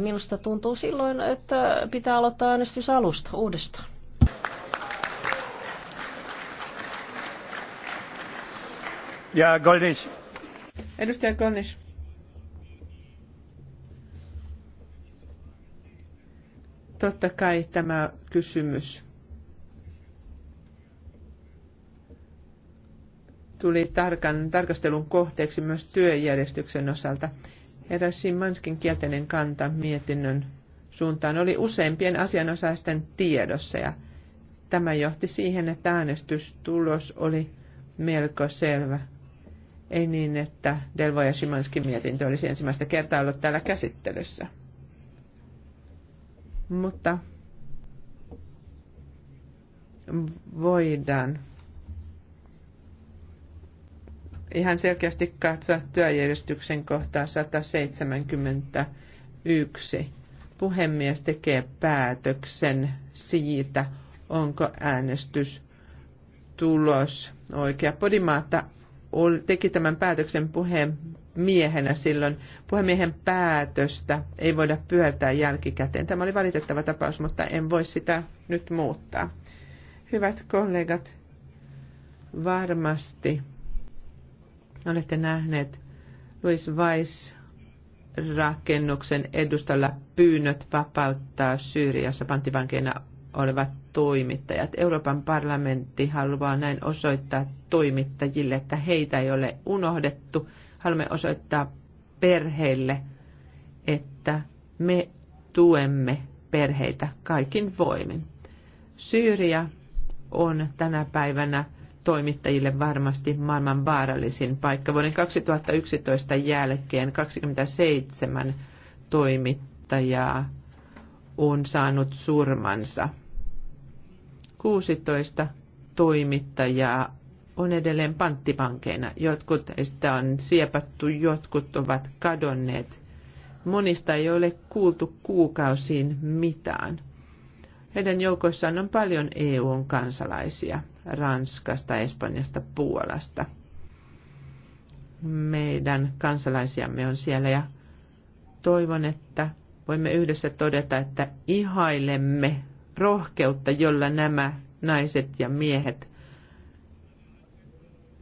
Minusta tuntuu silloin, että pitää aloittaa äänestys alusta uudestaan. Ja Goldnish. Edustaja Goldnish. Totta kai tämä kysymys tuli tarkan tarkastelun kohteeksi myös työjärjestyksen osalta. Herra Simanskin kielteinen kanta mietinnön suuntaan oli useimpien asianosaisten tiedossa ja tämä johti siihen, että äänestystulos oli melko selvä. Ei niin, että Delvo ja Simanskin mietintö olisi ensimmäistä kertaa ollut täällä käsittelyssä. Mutta voidaan ihan selkeästi katsoa työjärjestyksen kohtaa 171. Puhemies tekee päätöksen siitä, onko äänestys tulos oikea. Podimaatta teki tämän päätöksen puheen miehenä silloin. Puhemiehen päätöstä ei voida pyörtää jälkikäteen. Tämä oli valitettava tapaus, mutta en voi sitä nyt muuttaa. Hyvät kollegat, varmasti Olette nähneet Louis Weiss rakennuksen edustalla pyynnöt vapauttaa Syyriassa panttivankeina olevat toimittajat. Euroopan parlamentti haluaa näin osoittaa toimittajille, että heitä ei ole unohdettu. Haluamme osoittaa perheille, että me tuemme perheitä kaikin voimin. Syyria on tänä päivänä toimittajille varmasti maailman vaarallisin paikka. Vuoden 2011 jälkeen 27 toimittajaa on saanut surmansa. 16 toimittajaa on edelleen panttipankeina. Jotkut heistä on siepattu, jotkut ovat kadonneet. Monista ei ole kuultu kuukausiin mitään. Heidän joukoissaan on paljon EUn kansalaisia Ranskasta, Espanjasta, Puolasta. Meidän kansalaisiamme on siellä ja toivon, että voimme yhdessä todeta, että ihailemme rohkeutta, jolla nämä naiset ja miehet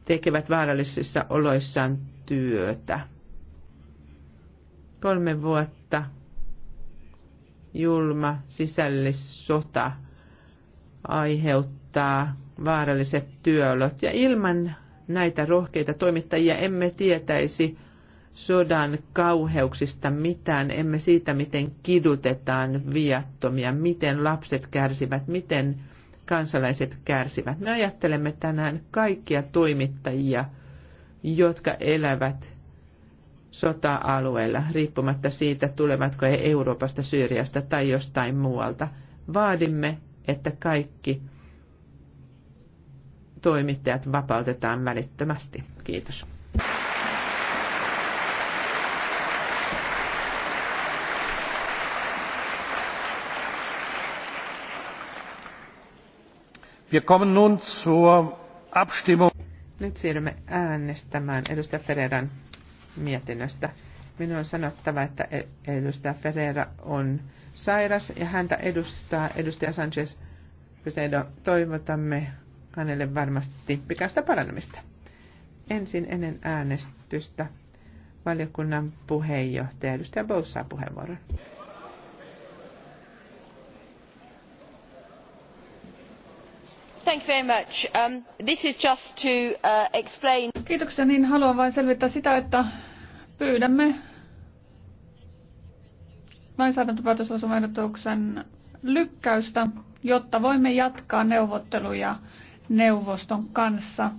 tekevät vaarallisissa oloissaan työtä. Kolme vuotta julma sisällissota aiheuttaa vaaralliset työolot. Ja ilman näitä rohkeita toimittajia emme tietäisi sodan kauheuksista mitään, emme siitä, miten kidutetaan viattomia, miten lapset kärsivät, miten kansalaiset kärsivät. Me ajattelemme tänään kaikkia toimittajia, jotka elävät sota-alueella, riippumatta siitä, tulevatko he Euroopasta, Syyriasta tai jostain muualta. Vaadimme, että kaikki toimittajat vapautetaan välittömästi. Kiitos. Wir kommen nun zur Abstimmung. Nyt siirrymme äänestämään edustaja Ferreran mietinnöstä. Minun on sanottava, että e- edustaja Ferreira on sairas ja häntä edustaa edustaja Sanchez Pesedo. Toivotamme hänelle varmasti pikaista paranemista. Ensin ennen äänestystä valiokunnan puheenjohtaja edustaja Boussaa puheenvuoron. Kiitoksia, niin haluan vain selvittää sitä, että pyydämme lainsäädäntöpäätöslausumaehdotuksen lykkäystä, jotta voimme jatkaa neuvotteluja neuvoston kanssa